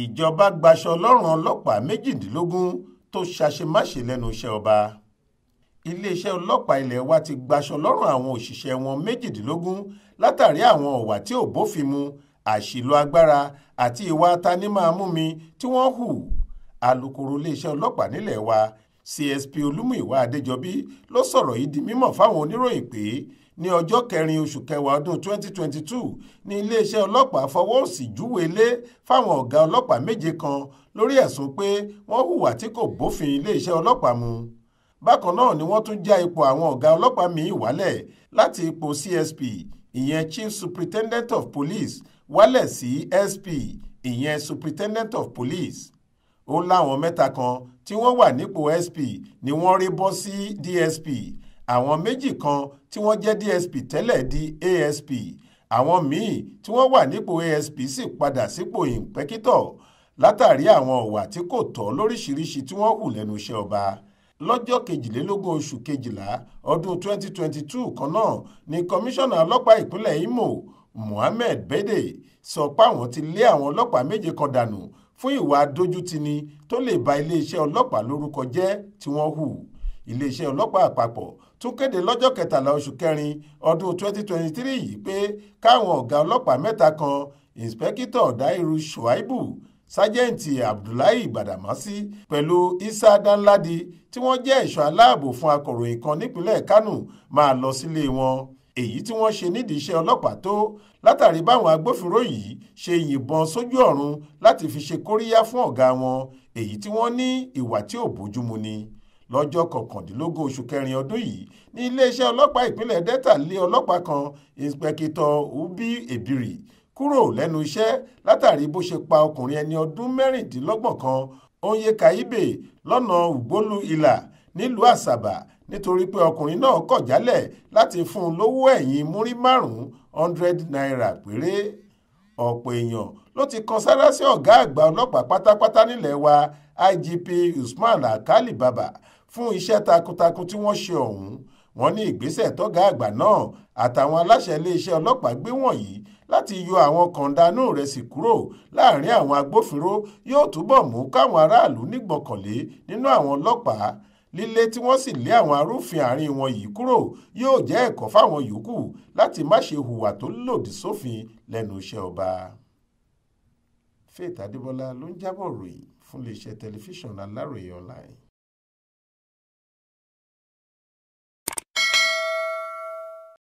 ìjọba gbaṣọ lọ́rùn ọlọ́pàá méjìdínlógún tó ṣàṣemáṣe lẹ́nu iṣẹ́ ọba iléeṣẹ́ ọlọ́pàá ilẹ̀ wa ti gbaṣọ lọ́rùn àwọn òṣìṣẹ́ wọn méjìdínlógún látàrí àwọn ọ̀wà tí ò bófin mu àṣìlò agbára àti ìwà atanímáàmúmi tí wọ́n hù alūkkóró iléeṣẹ́ ọlọ́pàá nílẹ̀ wa CSP Olúmúyìwá Adéjọbí ló sọ̀rọ̀ yìí di mímọ̀ fáwọn oníròyìn pé ní ọjọ́ kẹrin oṣù kẹwàá ọdún 2022 ní iléeṣẹ́ ọlọ́pàá fọwọ́ òsì júwe lé fáwọn ọ̀gá ọlọ́pàá méje kan lórí ẹ̀sùn pé wọ́n hùwà tí kò bófin iléeṣẹ́ ọlọ́pàá mu bákan náà ni wọ́n tún já ipò àwọn ọ̀gá ọlọ́pàá míì wálẹ̀ láti ipò CSP ìyẹn Chief Superintendent of Police wálẹ̀ sí SP ìyẹn Superintendent of Police ó láwọn mẹ́ta kan tí wọ́n wà nípò sp ni wọ́n rí bọ́ sí dsp àwọn méjì kan tí wọ́n jẹ́ dsp tẹ́lẹ̀ di asp àwọn míì tí wọ́n wà nípò asp sì padà sípò ìǹpẹ́kítọ̀ látàrí àwọn ọ̀wà tí kò tọ́ lóríṣiríṣi tí wọ́n hù lẹ́nu iṣẹ́ ọba lọ́jọ́ kejìlélógún oṣù kejìlá ọdún 2022 kan náà ni kọmíṣánná ọlọ́pàá ìpínlẹ̀ Imo Mohammed Bede sọ páwọn ti lé àwọn ọlọ́pàá méje kan dànù fún ìwà dójútini tó lè ba iléeṣẹ́ ọlọ́pàá lórúkọ jẹ́ tí wọ́n hù iléeṣẹ́ ọlọ́pàá àpapọ̀ tún kéde lọ́jọ́ kẹtàlá oṣù kẹrin ọdún 2023 yìí pé káwọn ọ̀gá ọlọ́pàá mẹ́ta kan ìǹspẹ́kítọ̀ dáírù shuaibu sájẹ́ǹtì abdullahi badamasi pẹ̀lú isa danladi tí wọ́n jẹ́ ẹ̀ṣọ́ aláàbò fún akọ̀ròyìn kan nípínlẹ̀ kánò máa lọ sílé wọn èyí tí wọ́n ṣe nídìí iṣẹ́ ọlọ́pàá tó látàrí báwọn agbófinró yìí ṣe yìnbọn sójú ọ̀run láti fi ṣe kóríyá fún ọ̀gá wọn èyí tí wọ́n ní ìwà tí ò bójúmu ni lọ́jọ́ kọkàndínlógún oṣù kẹrin ọdún yìí ní iléeṣẹ́ ọlọ́pàá ìpínlẹ̀ delta lé ọlọ́pàá kan ìǹspẹ̀kìtọ̀ ubi ebiri kúrò lẹ́nu iṣẹ́ látàrí bó ṣe pa ọkùnrin ẹni ọdún mẹ́rìndínlọ́gbọ̀n kan onyeka ibe lọ́nà ògbólú ìlà nílùú àsàbà nítorí pé ọkùnrin náà kọ̀ jálẹ̀ láti fún un lówó ẹ̀yìn múrí márùn-ún hundred naira péré ọ̀pọ̀ èèyàn ló ti kan sára sí ọ̀gá àgbà ọlọ́pàá pátápátá nílẹ̀ wa IGP Usman Akali Baba fún iṣẹ́ takuntakun tí wọ́n ṣe ọ̀hún wọ́n ní ìgbésẹ̀ tọ́gá àgbà náà àtàwọn aláṣẹ iléeṣẹ́ ọlọ́pàá gbé wọ̀nyí láti yọ àwọn kọ̀ǹdánù rẹ̀ sì kúrò láàrin àwọn agbófinró yóò túbọ̀ mú káwọn aráàlú nígbọ̀kànlé nínú àwọn ọlọ́pàá lílé tí wọ́n sì lé àwọn arúfin àárín wọn yìí kúrò yóò jẹ́ ẹ̀kọ́ fáwọn yòókù láti má ṣe hùwà tó lòdì sófin lẹ́nu iṣẹ́ ọba. Faith Adébọlá ló ń jábọ̀ ròyìn fún iléeṣẹ́ tẹlifíṣàn Aláròye online.